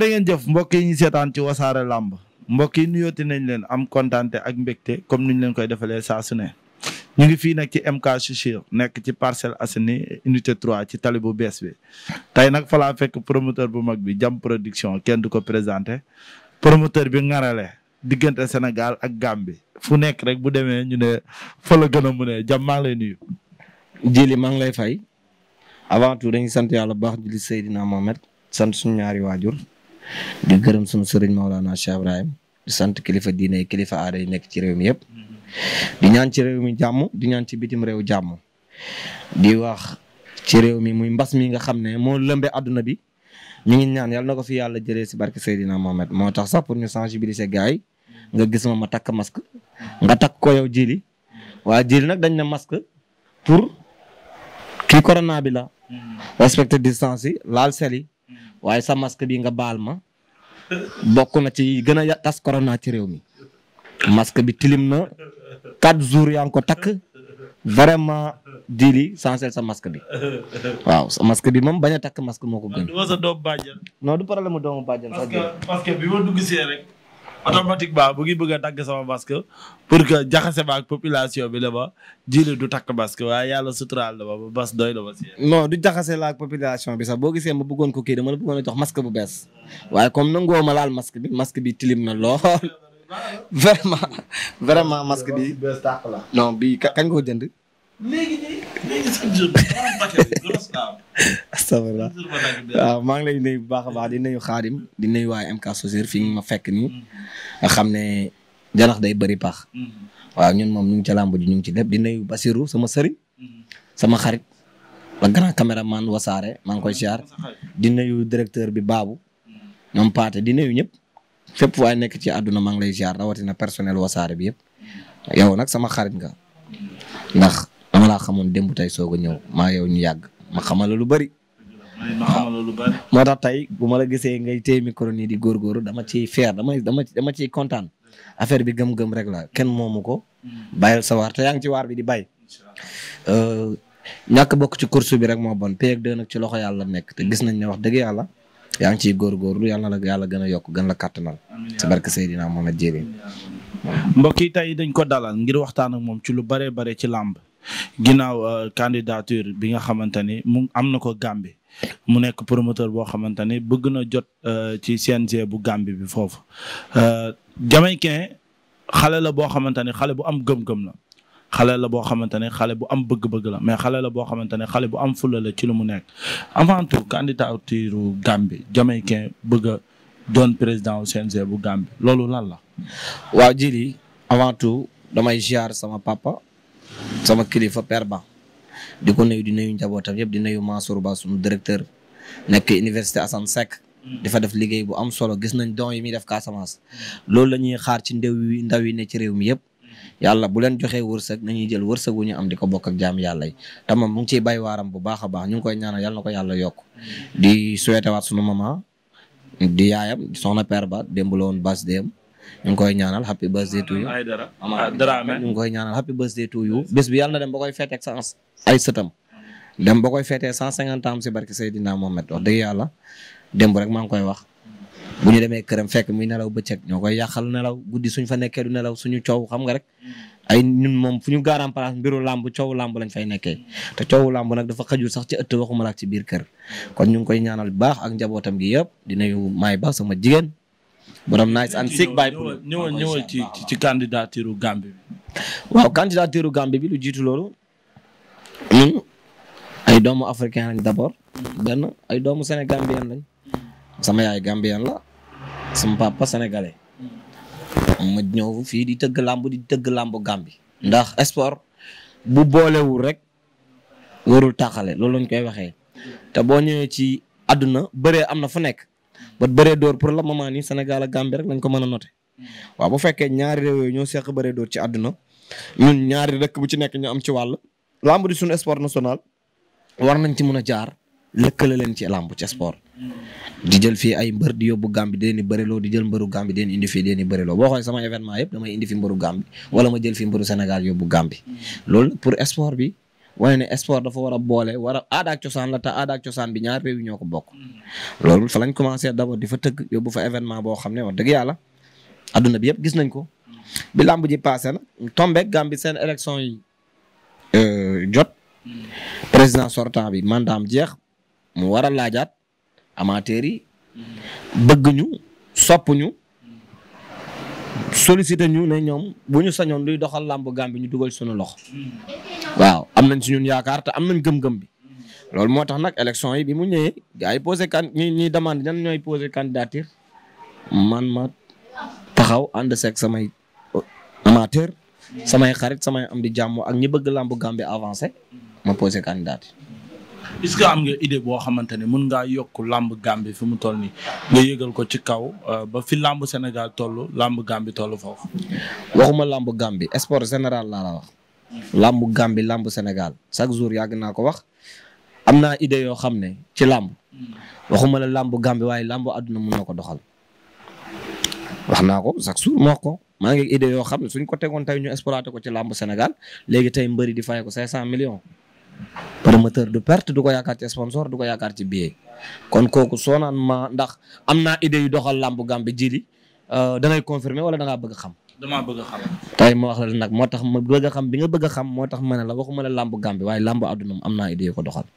dangeen jëf mbokk yi ñu seetaan ci wasaare làmb mbokk yi nuyooti nañ leen am kontaante ak mbégte comme ni ñu leen koy defalee saasune ñu ngi fii nag ci MK Chouchir nekk ci parcelle Assainies unité trois ci tali bu bees bi. tey nag falaa fekk promoteur bu mag bi jam production kenn du ko présenté promoteur bi ngarale diggante Sénégal ak bi fu nekk rek bu demee ñu ne fa la gën a mu ne jam maa lay nuyu. Jili maa ngi lay fay avant tout dañuy sant yàlla bu baax julli Seydina Mohamed sant suñu ñaari waajur. di gërëm suñu sëriñ Maolana Cheikh Ibrahim di sant kilifa diine kilifa aada yi nekk ci réew mi yëpp. di ñaan ci réew mi jàmm di ñaan ci bitim réew jàmm di wax ci réew mi muy mbas mi nga xam ne moo lëmbee àdduna bi ñu ngi ñaan yàlla na ko fi yàlla jëlee si barke Seydina Mohamed moo tax sax pour ñu sensibiliser gars yi nga gis ma takk masque nga takk ko yow jili waa jili nag dañ ne masque pour kii corona bi la mm-hmm. respecter distance yi laal sel waaye sa masque bi nga baal ma bokk na ci gën a tas corona ci réew mi masque bi tilim na quatre jours yaa ngi ko takk vraiment dili sansel sa masque bi waaw sa masque bi moom bañ a takk masque moo ko gën. Ah, du ma automatiquement mu ngi bëgg a dagg sama masque pour que jaxase ma ak population bi la ma jiile du takk masque waaye yàlla suturaal na ma ba bas doy na ma si. non du jaxase la ak bi sax boo gisee ma bëggoon ko kii dama la bëggoon a jox masque bu bees waaye comme nangoo ma laal bi masque bi tilim na lool. vraiment vraiment masque bi. non bi kañ koo jënd. léegi maa ngi lay nuyu bu baax a baax di nuyu xaadim di nuyu waa MK Sosir ma fekk nii xam ne janax day bëri pax waaw ñun moom ñu ngi ji ñu ngi ci lépp di nuyu Basirou sama sëriñ sama xarit la grand caméraman wasaare maa ngi koy siyaar di nuyu directeur bi baabu ñoom paate di nuyu ñëpp fépp waaye nekk ci àdduna maa ngi lay siyaar rawatina personnel wasaare bi yëpp yow nag sama xarit nga ndax laa xamoon démb tey soog a ñëw maa yow ñu yàgg ma xamal la lu bari ma tax tey bu ma la gisee ngay téye micro nii di góorgóorlu dama ciy fier dama dama dama ciy kontaan affaire bi gëm-gëm rek la kenn moomu ko. bàyyil sa waar yaa ngi ci waar bi di bay. Euh, ñàkk bokk ci course bi rek moo bon PEC 2 nag ci loxo yàlla nekk te gis nañ ne wax dëgg yàlla yaa ngi ciy góorgóorlu yàlla la yàlla gën a yokk gën la kàttanal. ci barke Seydina moom ci lu ginnaaw euh, candidature bi nga xamante ni mu am na ko Gambie mu nekk promoteur boo xamante ni bëgg na jot euh, ci CNG bu Gambie bi foofu. Euh, Jamaïcain xale la boo xamante ni xale bu am gëm-gëm la la boo xamante ne xale bu am bëgg-bëgg la mais xale la boo xamante ne xale bu am fulla la ci lu mu nekk avant tout candidature Gambie Jamaïcain bëgg a doon président CNG bu Gambie loolu lan la. waaw jili avant tout damay ziar sama papa. sama kilifa Père Ba di ko nuyu di nuyu njabootam yëpp di nuyu Mansour Ba suñu directeur nekk université Assane Seck. Hmm. dafa def liggéey bu am solo gis nañ don yi muy def Casamance. loolu la ñuy xaar ci ndew yi ndaw yi ne ci réew mi yëpp. Hmm. yàlla bu leen joxee wërsëg nañuy jël wërsëg wu ñu am di ko bokk ak jaam yàlla yi te moom mu ngi ciy bay waaram bu baax a baax ñu ngi koy ñaan yàlla na ko yàlla yokk. Hmm. di souhaité waat sunu maman di yaayam soxna Père Ba démb la woon ñu ngi koy ñaanal happy birthday to you ah, ñu ngi koy ñaanal happy birthday to you bés bi yàlla na dem ba koy feeteeg sa ay sëtam dem ba koy feetee cent cinquante ans si barke Seydina Mohamed wax dëgg yàlla démb rek maa ngi koy wax bu ñu demee këram fekk muy nelaw bëccëg ñoo koy yàqal nelaw guddi suñ fa nekkee du nelaw suñu coow xam nga rek ay ñun moom fu ñu gaaraan place mbiru làmb coowu làmb lañ fay nekkee te coowu lamb nag dafa xajul sax ci ëtt waxuma la ci biir kër kon ñu ngi koy ñaanal baax ak njabootam gi yëpp dinañu may baax sama jigéen borom nice and sick by ñëwal ñëwal ci ci candidature Gambie bi. waaw candidature Gambie bi lu jiitu loolu ñun ay doomu africain lañ d'abord. benn ay doomu sénégambien sama yaay gambien la sama papa sénégalais. ma ñëw fii di tëgg làmb di tëgg làmb Gambie. ndax sport bu boolewul rek warul taxale loolu lañ koy waxee te boo ñëwee ci àdduna bëree am na fu nekk. ba bëree dóor pour le moment nii Sénégal ak Gambie rek lañ ko mën a noté waaw bu fekkee ñaari réew yooyu ñoo seq bëree dóor ci àdduna ñun ñaari dëkk bu ci nekk ñu am ci wàll. lamb di suñu sport national war nañ ci mën a jaar lëkkale leen ci lamb ci sport. di jël fii ay mbër di yóbbu Gambie dee leen bëriloo di jël mbëru Gambie dee leen indi fi di leen bëriloo boo xoolee sama événement yëpp damay indi fi mbëru Gambie wala ma jël fi mbëru Sénégal yóbbu Gambie loolu pour waaye ne sport dafa war a boole war a aada ak cosaan la cosaan bi ñaar réew ñoo ko bokk. loolu fa lañ commencé d'abord di fa tëgg yóbbu fa événement boo xam ne wax dëgg yàlla adduna bi yëpp gis nañ ko. bi làmb ji passé na tombé Gambie seen élection yi euh, jot. président sortant bi mandaam jeex mu war a laajaat amateur yi. bëgg ñu sopp ñu. sollicité ñu ne ñoom bu ñu sañoon luy doxal làmb Gambie ñu dugal suñu loxo. am nañ si ñun yaakaar te am nañ gëm-gëm bi loolu moo tax nag élection yi bi mu ñëwee gars yi posé kan ñi ñuy demande ñan ñooy posé candidature man ma taxaw ànd seeg samay euh, amateur samay xarit samay am di jàmm ak ñi bëgg làmbu Gambie avancé ma posé candidature. est que am nga idée boo xamante ne mën ngaa yokk làmb Gambie fi mu toll nii nga yëgal ko ci kaw euh, ba fi làmb Sénégal toll làmb Gambie toll foofu. waxuma làmb Gambie sport général laa wax. làmb gàmbi làmb Sénégal chaque jour yàgg naa ko wax am naa idée yoo xam ne ci làmb waxuma la làmb Gambie waaye làmb àdduna mun na ko doxal wax naa ko chaque jour moo ko maa ngi idée yoo xam ne suñ ko tegoon tey ñu exploité ko ci làmb Sénégal léegi tey mbëri di fay ko 500 millions promoteur du perte du ko yaakaar ci sponsor du ko yaakaar ci billet kon kooku soo naan ma ndax am naa idée yu doxal làmb Gambie ji li euh, da ngay wala da bëgg xam. damaa bëgg a xam. tey wax la moo tax ma bëgg xam bi nga bëgg a xam moo tax ma ne la waxuma la làmb Gàmbi waaye làmb àdduna am naa idée ko doxal.